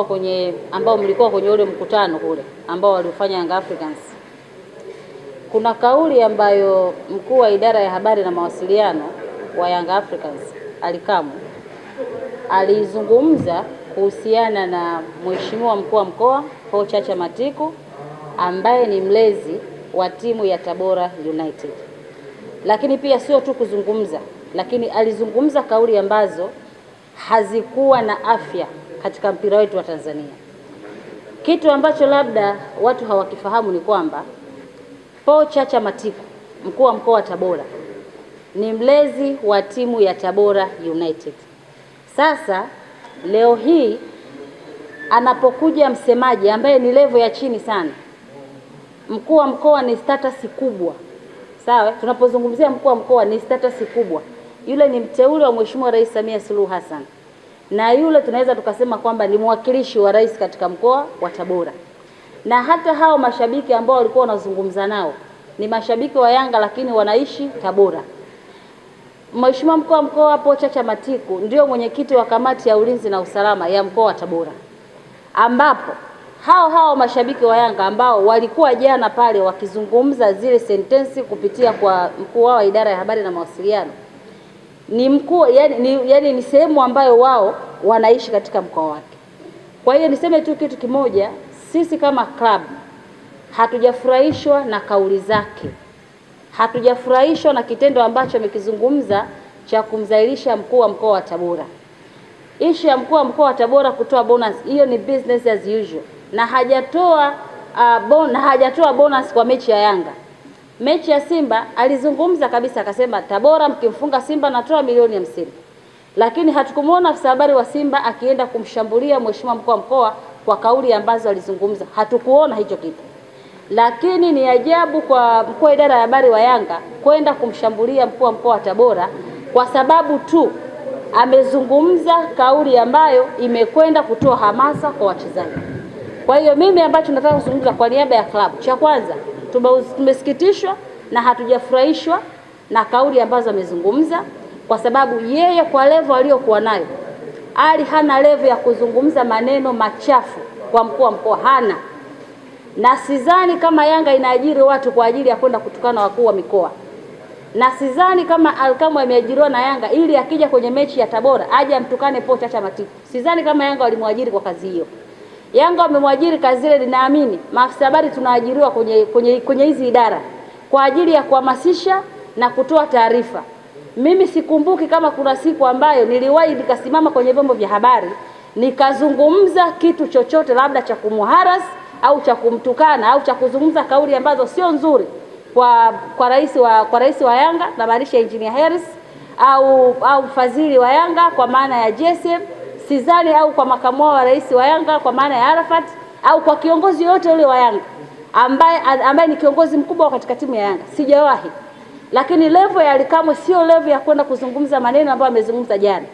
kwenye ambao mlikuwa kwenye ule mkutano kule ambao waliofanya Young Africans, kuna kauli ambayo mkuu wa idara ya habari na mawasiliano wa Young Africans Alikamwe alizungumza kuhusiana na mheshimiwa mkuu wa mkoa Paul Chacha Matiku ambaye ni mlezi wa timu ya Tabora United, lakini pia sio tu kuzungumza, lakini alizungumza kauli ambazo hazikuwa na afya katika mpira wetu wa Tanzania. Kitu ambacho labda watu hawakifahamu ni kwamba Paul Chacha Matiku, mkuu wa mkoa wa Tabora, ni mlezi wa timu ya Tabora United. Sasa leo hii anapokuja msemaji ambaye ni levo ya chini sana, mkuu wa mkoa ni status kubwa. Sawa, tunapozungumzia mkuu wa mkoa ni status kubwa. Yule ni mteule wa Mheshimiwa Rais Samia Suluhu Hassan na yule tunaweza tukasema kwamba ni mwakilishi wa rais katika mkoa wa Tabora, na hata hao mashabiki ambao walikuwa wanazungumza nao ni mashabiki wa Yanga lakini wanaishi Tabora. Mheshimiwa mkuu wa mkoa hapo Chacha Matiku ndio mwenyekiti wa kamati ya ulinzi na usalama ya mkoa wa Tabora, ambapo hao hao mashabiki wa Yanga ambao walikuwa jana pale wakizungumza zile sentensi kupitia kwa mkuu wao wa idara ya habari na mawasiliano ni mkuu yani, ni, yani ni sehemu ambayo wao wanaishi katika mkoa wake. Kwa hiyo niseme tu kitu kimoja, sisi kama club hatujafurahishwa na kauli zake, hatujafurahishwa na kitendo ambacho amekizungumza cha kumzailisha mkuu wa mkoa wa Tabora. Ishu ya mkuu wa mkoa wa Tabora kutoa bonus, hiyo ni business as usual, na hajatoa uh, bon, na hajatoa bonus kwa mechi ya Yanga mechi ya Simba alizungumza kabisa akasema, Tabora mkimfunga Simba natoa milioni hamsini, lakini hatukumwona afisa habari wa Simba akienda kumshambulia mheshimiwa mkuu wa mkoa kwa kauli ambazo alizungumza, hatukuona hicho kitu. Lakini ni ajabu kwa mkuu wa idara ya habari wa Yanga kwenda kumshambulia mkuu wa mkoa wa Tabora kwa sababu tu amezungumza kauli ambayo imekwenda kutoa hamasa kwa wachezaji. Kwa hiyo mimi ambacho nataka kuzungumza kwa niaba ya klabu, cha kwanza tumesikitishwa na hatujafurahishwa na kauli ambazo amezungumza, kwa sababu yeye kwa levo aliyokuwa nayo, Ali hana levo ya kuzungumza maneno machafu kwa mkuu wa mkoa, hana na sidhani kama Yanga inaajiri watu kwa ajili ya kwenda kutukana wakuu wa mikoa, na sidhani kama Alkamu ameajiriwa na Yanga ili akija kwenye mechi ya Tabora aje amtukane pocha Chacha Matiku. Sidhani kama Yanga walimwajiri kwa kazi hiyo. Yanga wamemwajiri kazile ninaamini maafisa habari tunaajiriwa kwenye kwenye kwenye hizi idara kwa ajili ya kuhamasisha na kutoa taarifa. Mimi sikumbuki kama kuna siku ambayo niliwahi nikasimama kwenye vyombo vya habari nikazungumza kitu chochote labda cha kumuharas au cha kumtukana au cha kuzungumza kauli ambazo sio nzuri kwa kwa rais wa kwa rais wa Yanga, namaanisha engineer Harris au au fadhili wa Yanga kwa maana ya GSM usizani au kwa makamu wa rais wa Yanga kwa maana ya Arafat au kwa kiongozi yoyote yule wa Yanga ambaye, ambaye ni kiongozi mkubwa katika timu ya Yanga sijawahi. Lakini levo ya Alikamwe sio levo ya kwenda kuzungumza maneno ambayo amezungumza jana.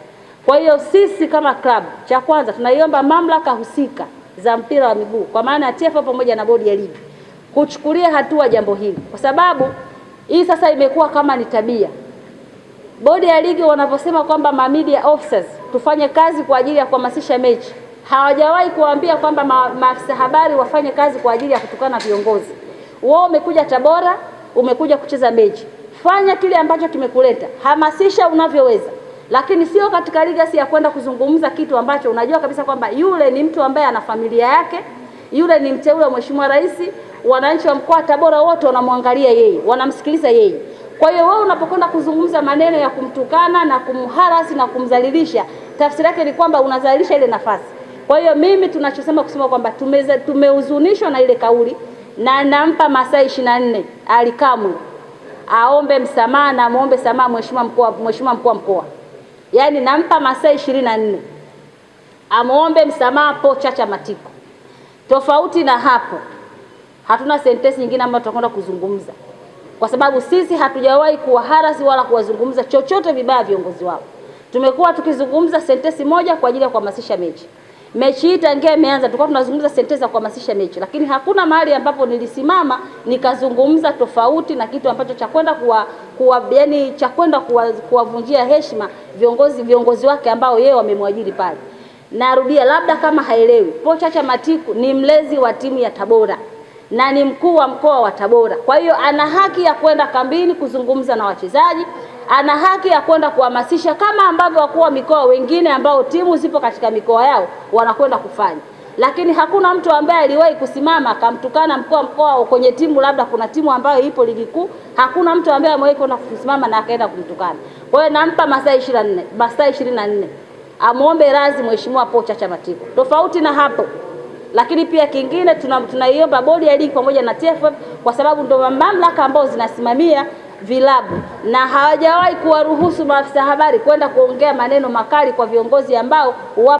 Kwa hiyo sisi kama club, cha kwanza tunaiomba mamlaka husika za mpira wa miguu kwa maana ya TFF pamoja na bodi ya ligi kuchukulia hatua jambo hili, kwa sababu hii sasa imekuwa kama ni tabia. Bodi ya ligi wanavyosema kwamba ma media officers tufanye kazi kwa ajili ya kuhamasisha mechi. Hawajawahi kuambia kwamba maafisa habari wafanye kazi kwa ajili ya kutukana viongozi. Wewe umekuja Tabora, umekuja kucheza mechi, fanya kile ambacho kimekuleta, hamasisha unavyoweza, lakini sio katika ligasi ya kwenda kuzungumza kitu ambacho unajua kabisa kwamba yule ni mtu ambaye ana familia yake, yule ni mteule wa Mheshimiwa Rais. Wananchi wa mkoa wa Tabora wote wanamwangalia yeye, wanamsikiliza yeye. Kwa hiyo wewe unapokwenda kuzungumza maneno ya kumtukana na kumharasi na kumdhalilisha, tafsiri yake ni kwamba unadhalilisha ile nafasi. Kwa hiyo mimi tunachosema kusema kwamba tumehuzunishwa na ile kauli, na nampa masaa ishirini na nne alikamwe aombe msamaha na muombe samaha mheshimiwa mkoa, mheshimiwa mkuu wa mkoa, yaani nampa masaa ishirini na nne amwombe msamaha Po Chacha Matiko. Tofauti na hapo hatuna sentensi nyingine ambayo tutakwenda kuzungumza kwa sababu sisi hatujawahi kuwaharasi wala kuwazungumza chochote vibaya viongozi wao. Tumekuwa tukizungumza sentesi moja kwa ajili ya kuhamasisha mechi. Mechi hii tangia imeanza tulikuwa tunazungumza sentesi za kuhamasisha mechi, lakini hakuna mahali ambapo nilisimama nikazungumza tofauti na kitu ambacho cha kwenda kuwa, kuwa yani cha kwenda kuwavunjia kuwa heshima viongozi viongozi wake ambao yeye wamemwajiri pale. Narudia, labda kama haelewi, Paul Chacha Matiku ni mlezi wa timu ya Tabora na ni mkuu wa mkoa wa Tabora. Kwa hiyo ana haki ya kwenda kambini kuzungumza na wachezaji, ana haki ya kwenda kuhamasisha kama ambavyo wakuu wa mikoa wengine ambao timu zipo katika mikoa yao wanakwenda kufanya, lakini hakuna mtu ambaye aliwahi kusimama akamtukana mkuu wa mkoa kwenye timu, labda kuna timu ambayo ipo ligi kuu. Hakuna mtu ambaye amewahi kwenda kusimama na akaenda kumtukana. Kwa hiyo nampa masaa 24, masaa 24 amuombe razi Mheshimiwa Paul Chacha Matiko. Tofauti na hapo lakini pia kingine tunaiomba bodi ya ligi pamoja na TFF kwa sababu ndio mamlaka ambazo zinasimamia vilabu na hawajawahi kuwaruhusu maafisa habari kwenda kuongea maneno makali kwa viongozi ambao